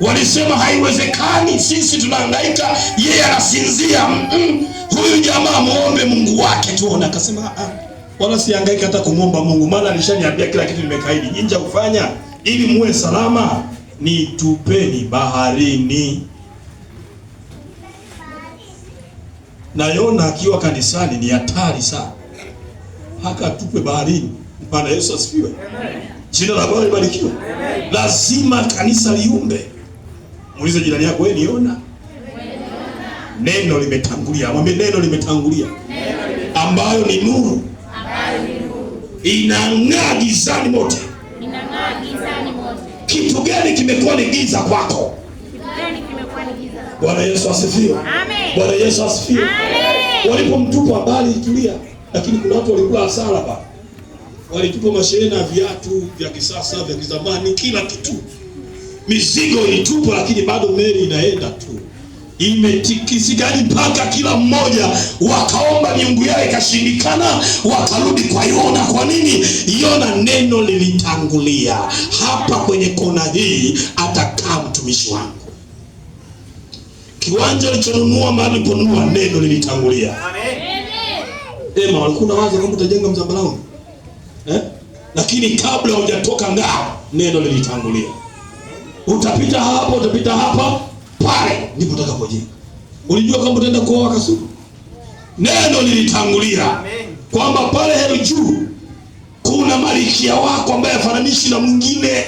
Walisema haiwezekani, sisi tunahangaika, yeye anasinzia. mm -mm. Huyu jamaa muombe Mungu wake tuone. Akasema ah, ah, wala sihangaika hata kumwomba Mungu, maana alishaniambia kila kitu, nimekaidi. Nini kufanya ili muwe salama? Nitupeni baharini. Na Yona akiwa kanisani ni hatari sana, haka tupe baharini. Bwana Yesu asifiwe, jina la Bwana libarikiwe. Lazima kanisa liumbe Muulize jirani yako, wewe niona. Neno limetangulia. Mwambie neno limetangulia, ambayo ni nuru, inang'aa gizani mote. Kitu gani kimekuwa ni giza kwako? Bwana Yesu asifiwe. Bwana Yesu asifiwe. Walipomtupa habari itulia, lakini kuna watu walikula hasara ba, walitupa mashehena, viatu vya kisasa vya kizamani, kila kitu mizigo ilitupwa, lakini bado meli inaenda tu, imetikisika mpaka kila mmoja wakaomba miungu yao ikashindikana, wakarudi kwa Yona. Kwa nini? Yona neno lilitangulia. Hapa kwenye kona hii atakaa mtumishi wangu. Kiwanja alichonunua mahali liponunua, neno lilitangulia. Amen. Ema walikuwa na wazo kwamba utajenga mzambarao eh? Lakini kabla hujatoka ngao, neno lilitangulia utapita hapo, utapita hapa, pale ndipo utakapojenga. Ulijua kwamba utaenda kuoa Kasuku? Neno lilitangulia kwamba pale heru juu kuna malikia wako ambaye afananishi na mwingine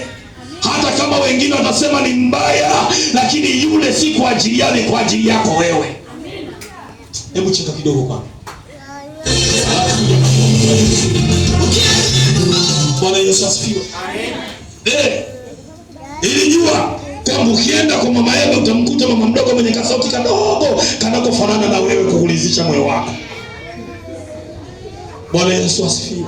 hata kama wengine watasema ni mbaya, lakini yule si kwa ajili yake, kwa ajili yako wewe. Hebu cheka kidogo kwa Bwana Yesu asifiwe. Amen. Eh, Ilijua kwamba ukienda kwa mama Eva utamkuta mama mdogo mwenye kasauti kadogo kanakofanana na wewe kuulizisha moyo wako. Bwana Yesu asifiwe.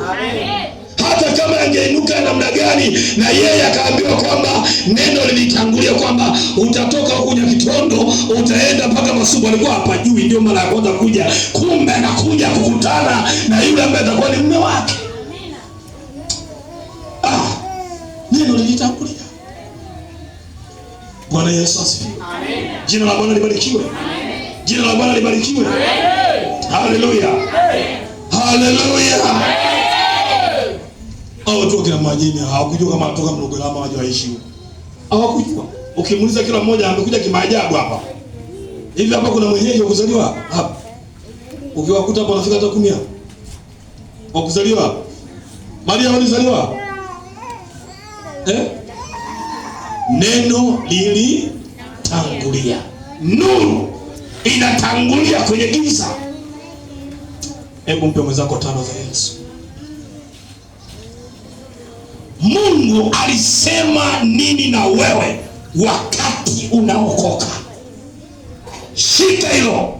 Hata kama angeinuka namna gani, na yeye akaambiwa kwamba neno lilitangulia kwamba utatoka kuja Kitondo utaenda mpaka Masubu. Alikuwa hapa juu, ndio mara ya kwanza kuja, kumbe anakuja kukutana na yule ambaye atakuwa ni mume wake. Ah, neno lilitangulia Bwana Yesu asifiwe. Amen. Jina la Bwana libarikiwe. Amen. Jina la Bwana libarikiwe. Amen. Haleluya. Haleluya. Hao watu kila mmoja hawakujua kama anatoka Mrugolama waje waishi huko. Hawakujua. Ukimuuliza kila mmoja amekuja kimaajabu hapa. Hivi hapa kuna mwenyeji wa kuzaliwa hapa? Ukiwakuta hapa wanafika hata 10 hapa. Wa kuzaliwa Maria alizaliwa Eh? neno lilitangulia. Nuru inatangulia kwenye giza. Hebu mpe mwenzako tano za Yesu. Mungu alisema nini na wewe wakati unaokoka? Shika hilo.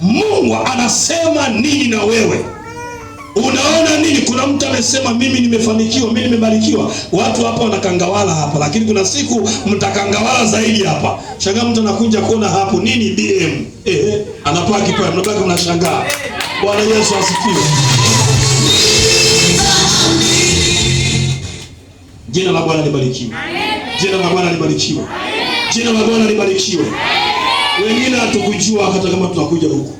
Mungu anasema nini na wewe Unaona nini? Kuna mtu amesema mimi nimefanikiwa, mimi nimebarikiwa. Watu hapa wanakangawala hapa, lakini kuna siku mtakangawala zaidi hapa. Shangaa mtu anakuja kuona hapo nini BM, ehe, anapaki pale, mnabaki mnashangaa. Bwana Yesu asifiwe. Jina la Bwana libarikiwe. Jina la Bwana libarikiwe. Jina la Bwana libarikiwe. Wengine hatukujua hata kama tunakuja huku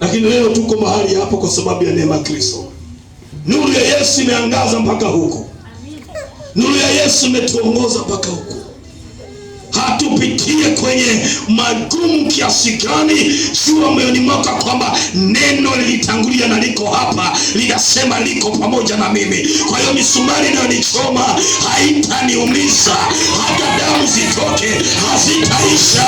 lakini leo tuko mahali hapo kwa sababu ya neema Kristo. Nuru ya Yesu imeangaza mpaka huko. Nuru ya Yesu imetuongoza mpaka huko. Hatupitie kwenye magumu kiasi gani, jua moyoni mwako kwamba neno lilitangulia na liko hapa, linasema liko pamoja na mimi. Kwa hiyo misumari inayonichoma haitaniumiza, hata damu zitoke hazitaisha,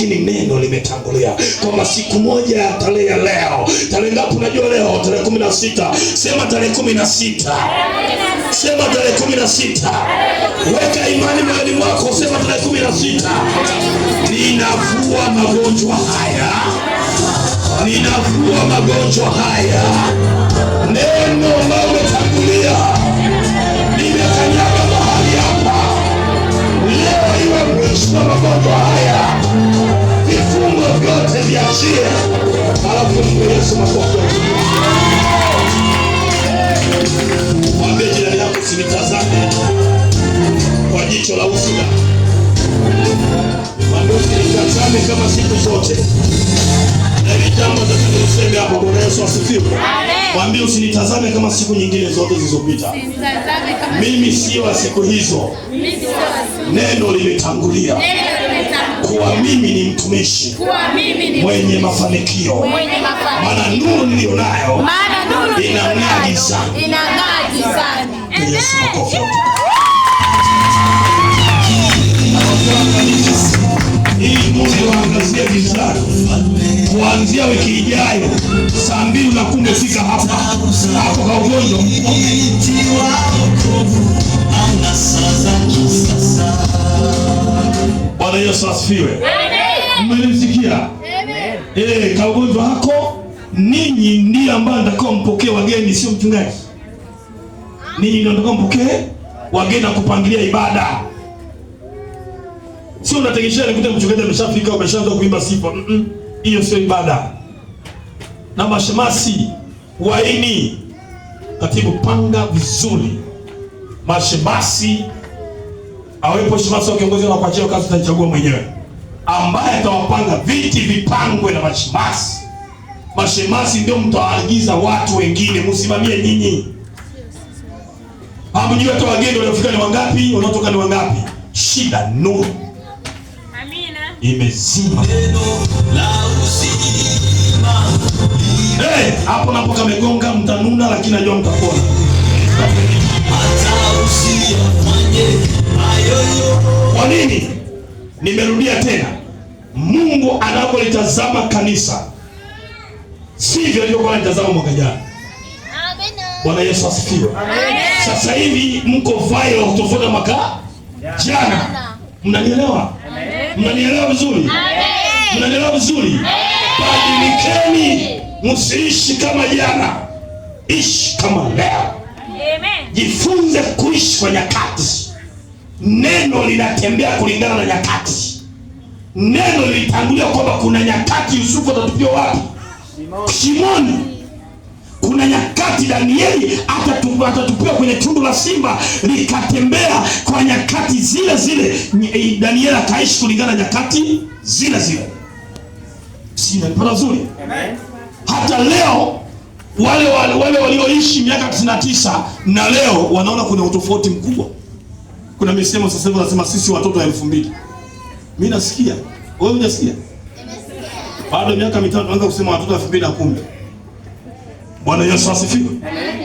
lakini neno limetangulia kwamba siku moja ya tarehe ya leo, tarehe ngapi? Unajua leo tarehe kumi na sita. Sema tarehe kumi na sita. Sema tarehe kumi na sita. Weka imani moyoni mwako, sema tarehe kumi na sita ninavua magonjwa haya, ninavua magonjwa haya mwenzie, alafu mpe Yesu makofi. Mwambie jirani yako, usinitazame kwa jicho la usuda, mwambie usinitazame kama siku zote Jambo useme hapo. Bwana Yesu asifiwe. Mwambie usinitazame kama siku nyingine zote zilizopita. Mimi sio wa siku hizo, neno limetangulia kuwa mimi ni mtumishi mwenye mafanikio, maana nuru niliyonayo inang'aa gizani. Ili kuanzia wiki ijayo saa mbili na kumi fika hapa hapo ugonjwa Bwana Yesu asifiwe. Mmenisikia? Eh, kaugonjwa hako ninyi ndiye ambaye mtakao mpokee wageni, sio mchungaji. Ninyi ndio mtakao mpokee wageni na kupangilia ibada. Sio unategemea nikute mchungaji ameshafika umeshaanza kuimba sifa. Mm, hiyo -mm. sio ibada. Na mashemasi waini, katibu, panga vizuri mashemasi awepo Shimasa kiongozi na kuachia kazi, utachagua mwenyewe ambaye atawapanga viti vipangwe na mashimasi mashimasi ndio mtawaagiza watu wengine, msimamie nyinyi. Hamjui hata wageni waliofika ni wangapi, wanaotoka ni wangapi. Shida nuru imezima hapo, hey, napoka megonga mtanuna, lakini najua mtapona. Lakini nimerudia tena, Mungu anapolitazama kanisa sivyo alivyokuwa anatazama mwaka jana. Bwana Yesu asifiwe. Sasa hivi mko vile kutofuta mwaka jana, mnanielewa? Mnanielewa vizuri? Mnanielewa vizuri? Badilikeni, msiishi kama jana, ishi kama leo. Jifunze kuishi kwa nyakati Neno linatembea kulingana na nyakati. Neno lilitangulia kwamba kuna nyakati Yusufu atatupiwa wapi? Shimoni. Kuna nyakati Danieli atatupiwa kwenye tundu la simba, likatembea kwa nyakati zile zile. Eh, Danieli ataishi kulingana na nyakati zile zile. Sinapata zuri. Hata leo wale wale walioishi miaka 99 na leo wanaona kuna utofauti mkubwa. Kuna misemo sasa hivi wanasema sisi watoto wa elfu mbili. Mimi nasikia, wewe unasikia? Baada ya miaka mitatu tunaanza kusema watoto wa elfu mbili na kumi. Bwana Yesu asifiwe.